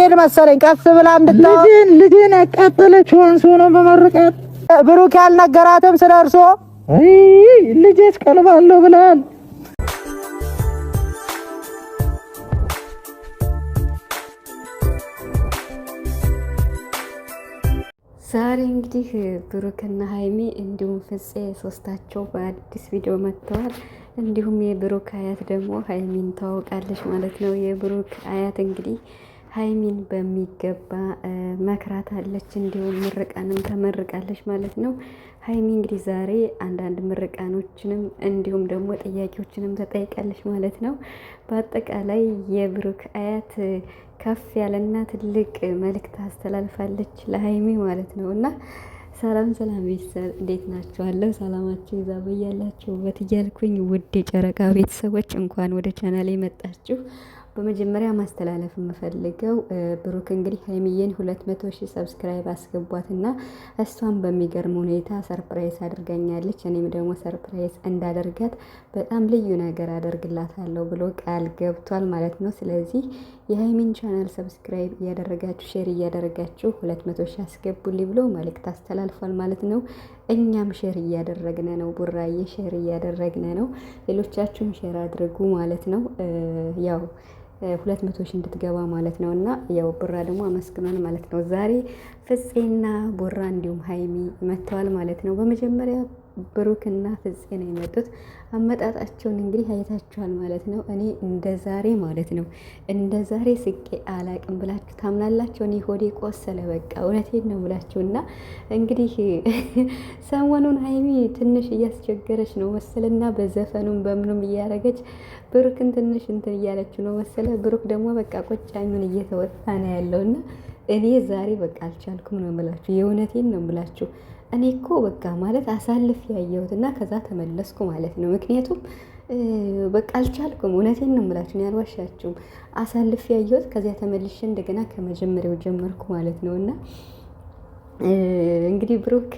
ልቤን መሰለኝ ቀስ ብላ እንድታወቅ ልጄን ያቃጠለች ወንሶ ነው በመርቀት ብሩክ ያልነገራትም ስለ እርሶ ልጄስ ቀልባለሁ ብላል። ዛሬ እንግዲህ ብሩክና ሀይሚ እንዲሁም ፍፄ ሶስታቸው በአዲስ ቪዲዮ መጥተዋል። እንዲሁም የብሩክ አያት ደግሞ ሀይሚን ተዋውቃለች ማለት ነው። የብሩክ አያት እንግዲህ ሀይሚን በሚገባ መክራታለች፣ እንዲሁም ምርቃንም ተመርቃለች ማለት ነው። ሀይሚ እንግዲህ ዛሬ አንዳንድ ምርቃኖችንም እንዲሁም ደግሞ ጥያቄዎችንም ተጠይቃለች ማለት ነው። በአጠቃላይ የብሩክ አያት ከፍ ያለና ትልቅ መልእክት አስተላልፋለች ለሀይሚ ማለት ነው እና ሰላም ሰላም ቤተሰብ እንዴት ናችኋለሁ? ሰላማችሁ ይዛ በያላችሁበት እያልኩኝ ውድ የጨረቃ ቤተሰቦች እንኳን ወደ ቻናሌ መጣችሁ። በመጀመሪያ ማስተላለፍ የምፈልገው ብሩክ እንግዲህ ሀይሚዬን ሁለት መቶ ሺህ ሰብስክራይብ አስገቧትና እሷን በሚገርም ሁኔታ ሰርፕራይዝ አድርጋኛለች። እኔም ደግሞ ሰርፕራይዝ እንዳደርጋት በጣም ልዩ ነገር አደርግላታለሁ ብሎ ቃል ገብቷል ማለት ነው። ስለዚህ የሀይሚን ቻናል ሰብስክራይብ እያደረጋችሁ ሼር እያደረጋችሁ ሁለት መቶ ሺህ አስገቡልኝ ብሎ መልእክት አስተላልፏል ማለት ነው። እኛም ሼር እያደረግነ ነው። ቡራዬ ሼር እያደረግነ ነው። ሌሎቻችሁም ሼር አድርጉ ማለት ነው ያው ሁለት መቶ ሺህ እንድትገባ ማለት ነው። እና ያው ብራ ደግሞ አመስግኗን ማለት ነው። ዛሬ ፍፄና ቦራ እንዲሁም ሀይሚ መጥተዋል ማለት ነው። በመጀመሪያ ብሩክና ፍፄ ነው የመጡት። አመጣጣቸውን እንግዲህ አይታችኋል ማለት ነው። እኔ እንደ ዛሬ ማለት ነው እንደ ዛሬ ስቄ አላቅም ብላችሁ ታምናላችሁ? እኔ ሆዴ ቆሰለ። በቃ እውነቴን ነው ብላችሁ እና እንግዲህ ሰሞኑን ሀይሚ ትንሽ እያስቸገረች ነው መሰልና በዘፈኑም በምኑም እያደረገች ብሩክን ትንሽ እንትን እያለችው ነው መሰለ። ብሩክ ደግሞ በቃ ቆጫኙን እየተወጣ ነው ያለው እና እኔ ዛሬ በቃ አልቻልኩም ነው የምላችሁ፣ የእውነቴን ነው የምላችሁ። እኔ እኮ በቃ ማለት አሳልፍ ያየሁት እና ከዛ ተመለስኩ ማለት ነው። ምክንያቱም በቃ አልቻልኩም፣ እውነቴን ነው የምላችሁ፣ ያልዋሻችሁም። አሳልፍ ያየሁት ከዚያ ተመልሼ እንደገና ከመጀመሪያው ጀመርኩ ማለት ነው እና እንግዲህ ብሩክ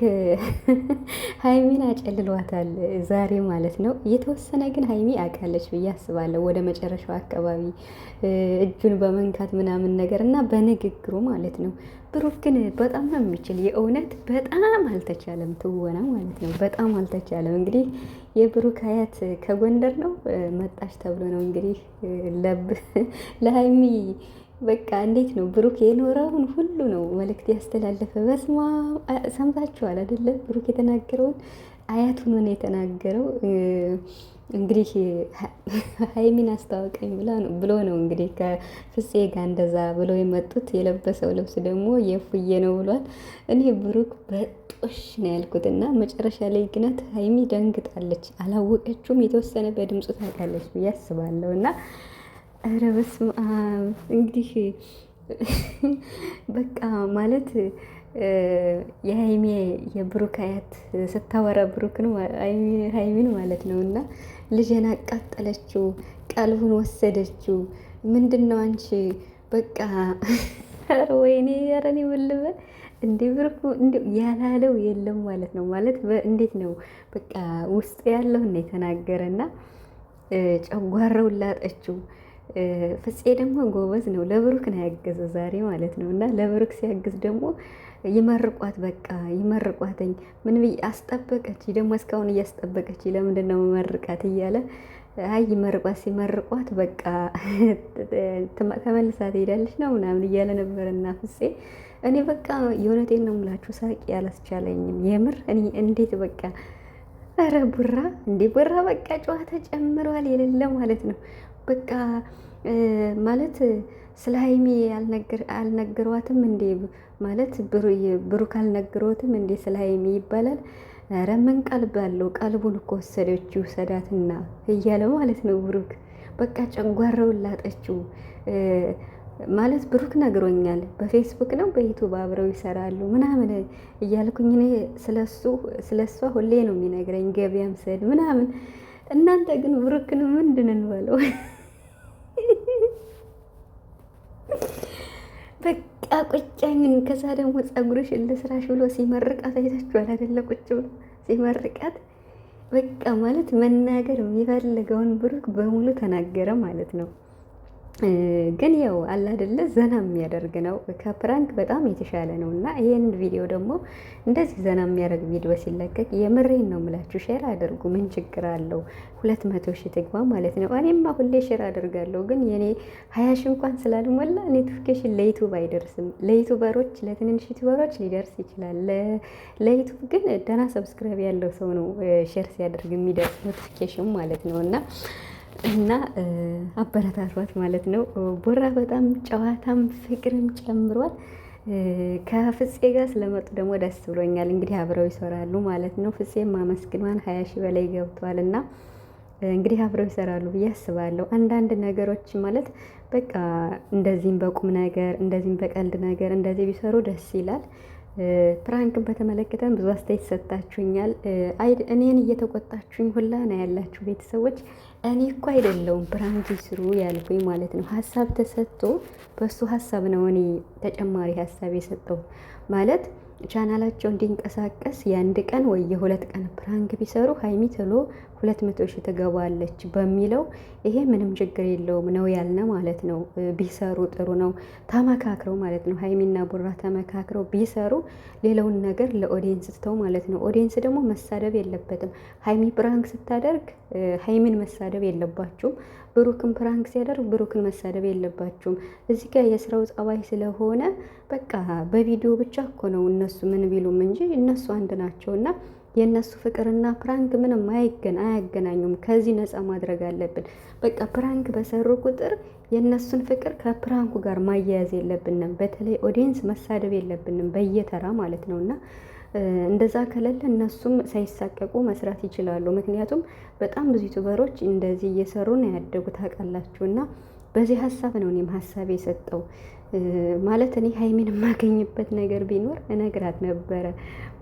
ሀይሚን አጨልሏታል ዛሬ ማለት ነው። የተወሰነ ግን ሀይሚ አውቃለች ብዬ አስባለሁ። ወደ መጨረሻው አካባቢ እጁን በመንካት ምናምን ነገር እና በንግግሩ ማለት ነው። ብሩክ ግን በጣም ነው የሚችል የእውነት በጣም አልተቻለም፣ ትወና ማለት ነው በጣም አልተቻለም። እንግዲህ የብሩክ አያት ከጎንደር ነው መጣች ተብሎ ነው እንግዲህ ለሀይሚ በቃ እንዴት ነው ብሩክ የኖረውን ሁሉ ነው መልእክት ያስተላለፈ። በስማ ሰምታችኋል አደለ? ብሩክ የተናገረውን አያት ሆኖ ነው የተናገረው። እንግዲህ ሀይሚን አስታወቀኝ ብሎ ነው እንግዲህ ከፍፄ ጋር እንደዛ ብሎ የመጡት። የለበሰው ልብስ ደግሞ የፉዬ ነው ብሏል። እኔ ብሩክ በጦሽ ነው ያልኩት እና መጨረሻ ላይ ግነት ሀይሚ ደንግጣለች። አላወቀችውም። የተወሰነ በድምፁ ታውቃለች ብዬ አስባለሁ እና ኧረ በስመ አብ እንግዲህ በቃ ማለት የሀይሜ የብሩክ አያት ስታወራ ብሩክን ሀይሚን ማለት ነው። እና ልጄን አቃጠለችው፣ ቀልቡን ወሰደችው። ምንድን ነው አንቺ በቃ ወይኔ ያረኔ እኔ ምን እንዴ ብሩክ ያላለው የለም ማለት ነው። ማለት እንዴት ነው በቃ ውስጥ ያለው እና የተናገረ እና ጨጓራውን ላጠችው። ፍፄ ደግሞ ጎበዝ ነው። ለብሩክ ነው ያገዘ ዛሬ ማለት ነው። እና ለብሩክ ሲያግዝ ደግሞ ይመርቋት፣ በቃ ይመርቋትኝ። ምን ብዬ አስጠበቀች ደግሞ እስካሁን እያስጠበቀች ለምንድን ነው መርቃት እያለ አይ ይመርቋት። ሲመርቋት በቃ ተመልሳ ትሄዳለች ነው ምናምን እያለ ነበር። እና ፍፄ እኔ በቃ የእውነቴን ነው የምላችሁ ሳቂ አላስቻለኝም። የምር እኔ እንዴት በቃ ኧረ ቡራ እንዴ ቡራ በቃ ጨዋታ ጨምሯል የሌለ ማለት ነው። በቃ ማለት ስለ ሀይሚ አልነገሯትም እንዴ? ማለት ብሩክ አልነገሮትም እንዴ ስለ ሀይሚ ይባላል። ኧረ ምን ቀልብ አለው? ቀልቡን እኮ ወሰደች ውሰዳትና እያለ ማለት ነው። ብሩክ በቃ ጨንጓራውን ላጠችው ማለት ብሩክ ነግሮኛል። በፌስቡክ ነው በዩቱብ አብረው ይሰራሉ ምናምን እያልኩኝ እኔ ስለሱ ስለሷ ሁሌ ነው የሚነግረኝ ገበያም ስሄድ ምናምን። እናንተ ግን ብሩክን ምንድን እንበለው? በቃ ቁጫኝን። ከዛ ደግሞ ፀጉርሽ ልስራሽ ብሎ ሲመርቃት አይታችኋል አይደለ? ቁጭ ብሎ ሲመርቃት በቃ ማለት መናገር የሚፈልገውን ብሩክ በሙሉ ተናገረ ማለት ነው። ግን ያው አለ አይደለ ዘና የሚያደርግ ነው። ከፕራንክ በጣም የተሻለ ነው እና ይህን ቪዲዮ ደግሞ እንደዚህ ዘና የሚያደርግ ቪዲዮ ሲለቀቅ የምሬን ነው የምላችሁ፣ ሼር አድርጉ። ምን ችግር አለው? ሁለት መቶ ሺህ ትግባ ማለት ነው። እኔማ ሁሌ ሼር አድርጋለሁ፣ ግን የኔ ሀያ ሺህ እንኳን ስላልሞላ ኖቲፊኬሽን ለዩቱብ አይደርስም። ለዩቱበሮች ለትንንሽ ዩቱበሮች ሊደርስ ይችላል። ለዩቱብ ግን ደህና ሰብስክራይብ ያለው ሰው ነው ሼር ሲያደርግ የሚደርስ ኖቲፊኬሽን ማለት ነው እና እና አበረታቷት ማለት ነው። ቦራ በጣም ጨዋታም ፍቅርም ጨምሯል። ከፍፄ ጋር ስለመጡ ደግሞ ደስ ብሎኛል። እንግዲህ አብረው ይሰራሉ ማለት ነው። ፍፄም ማመስግኗን ሀያ ሺህ በላይ ገብቷል እና እንግዲህ አብረው ይሰራሉ ብዬ አስባለሁ። አንዳንድ ነገሮች ማለት በቃ እንደዚህም በቁም ነገር እንደዚህም በቀልድ ነገር እንደዚህ ቢሰሩ ደስ ይላል። ፕራንክን በተመለከተ ብዙ አስተያየት ሰጥታችሁኛል። እኔን እየተቆጣችሁኝ ሁላ ነው ያላችሁ ቤተሰቦች። እኔ እኮ አይደለውም ፕራንክ ስሩ ያልኩኝ ማለት ነው። ሀሳብ ተሰጥቶ በሱ ሀሳብ ነው እኔ ተጨማሪ ሀሳብ የሰጠው ማለት ቻናላቸው እንዲንቀሳቀስ የአንድ ቀን ወይ የሁለት ቀን ፕራንክ ቢሰሩ ሀይሚ ቶሎ ሁለት መቶ ሺህ ትገባለች በሚለው ይሄ ምንም ችግር የለውም ነው ያልነ ማለት ነው። ቢሰሩ ጥሩ ነው። ተመካክረው ማለት ነው። ሀይሚና ቡራ ተመካክረው ቢሰሩ ሌላውን ነገር ለኦዲየንስ ትተው ማለት ነው። ኦዲየንስ ደግሞ መሳደብ የለበትም። ሀይሚ ፕራንክ ስታደርግ ሀይሚን መሳደብ የለባችሁም። ብሩክን ፕራንክ ሲያደርግ ብሩክን መሳደብ የለባችሁም። እዚህ ጋር የስራው ጸባይ ስለሆነ በቃ በቪዲዮ ብቻ እኮ ነው እነሱ ምን ቢሉም እንጂ እነሱ አንድ ናቸው እና የእነሱ ፍቅርና ፕራንክ ምንም አይገን አያገናኙም። ከዚህ ነፃ ማድረግ አለብን። በቃ ፕራንክ በሰሩ ቁጥር የእነሱን ፍቅር ከፕራንኩ ጋር ማያያዝ የለብንም። በተለይ ኦዲየንስ መሳደብ የለብንም በየተራ ማለት ነው እና እንደዛ ከሌለ እነሱም ሳይሳቀቁ መስራት ይችላሉ። ምክንያቱም በጣም ብዙ ዩቱበሮች እንደዚህ እየሰሩ ነው ያደጉት ታውቃላችሁ። እና በዚህ ሀሳብ ነው እኔም ሀሳብ የሰጠው ማለት እኔ ሀይሚን የማገኝበት ነገር ቢኖር እነግራት ነበረ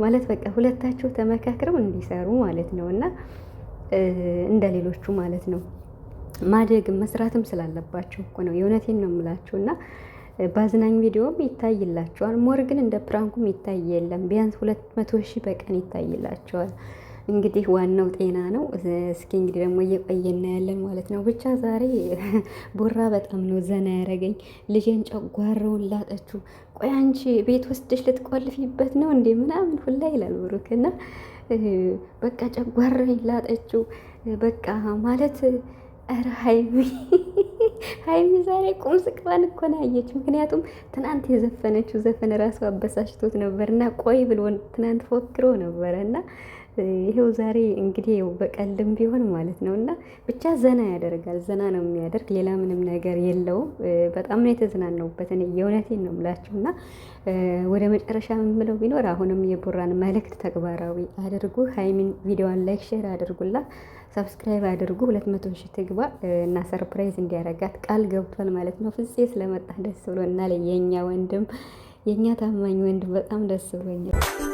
ማለት በቃ ሁለታቸው ተመካክረው እንዲሰሩ ማለት ነው እና እንደ ሌሎቹ ማለት ነው ማደግም መስራትም ስላለባቸው እኮ ነው። የእውነቴን ነው የምላችሁ እና በአዝናኝ ቪዲዮም ይታይላቸዋል። ሞር ግን እንደ ፕራንኩም ይታይ የለም። ቢያንስ ሁለት መቶ ሺህ በቀን ይታይላቸዋል። እንግዲህ ዋናው ጤና ነው። እስኪ እንግዲህ ደግሞ እየቆየን ያለን ማለት ነው። ብቻ ዛሬ ቦራ በጣም ነው ዘና ያደረገኝ። ልጄን ጨጓረውን ላጠችው። ቆይ አንቺ ቤት ወስደሽ ልትቆልፊበት ነው እንዴ ምናምን ሁላ ይላል ብሩክ እና በቃ ጨጓረኝ ላጠችው በቃ ማለት ኧረ ሀይሚ ሀይሚ ዛሬ ቁም ስቅሏን እኮ ነው ያየች። ምክንያቱም ትናንት የዘፈነችው ዘፈን ራሱ አበሳሽቶት ነበር እና ቆይ ብሎ ትናንት ፎክሮ ነበረ እና ይሄው ዛሬ እንግዲህ ይኸው በቀልድም ቢሆን ማለት ነው እና ብቻ ዘና ያደርጋል። ዘና ነው የሚያደርግ ሌላ ምንም ነገር የለውም። በጣም ነው የተዝናነውበት። እኔ የእውነቴን ነው የምላችሁ እና ወደ መጨረሻ የምለው ቢኖር አሁንም የቡራን መልእክት ተግባራዊ አድርጉ። ሀይሚን ቪዲዮዋን ላይክ ሼር አድርጉላት። ሰብስክራይብ አድርጉ። ሁለት መቶ ሺህ ትግባ እና ሰርፕራይዝ እንዲያረጋት ቃል ገብቷል ማለት ነው። ፍፄ ስለመጣ ደስ ብሎናል። የኛ ወንድም የእኛ ታማኝ ወንድም በጣም ደስ ብሎኛል።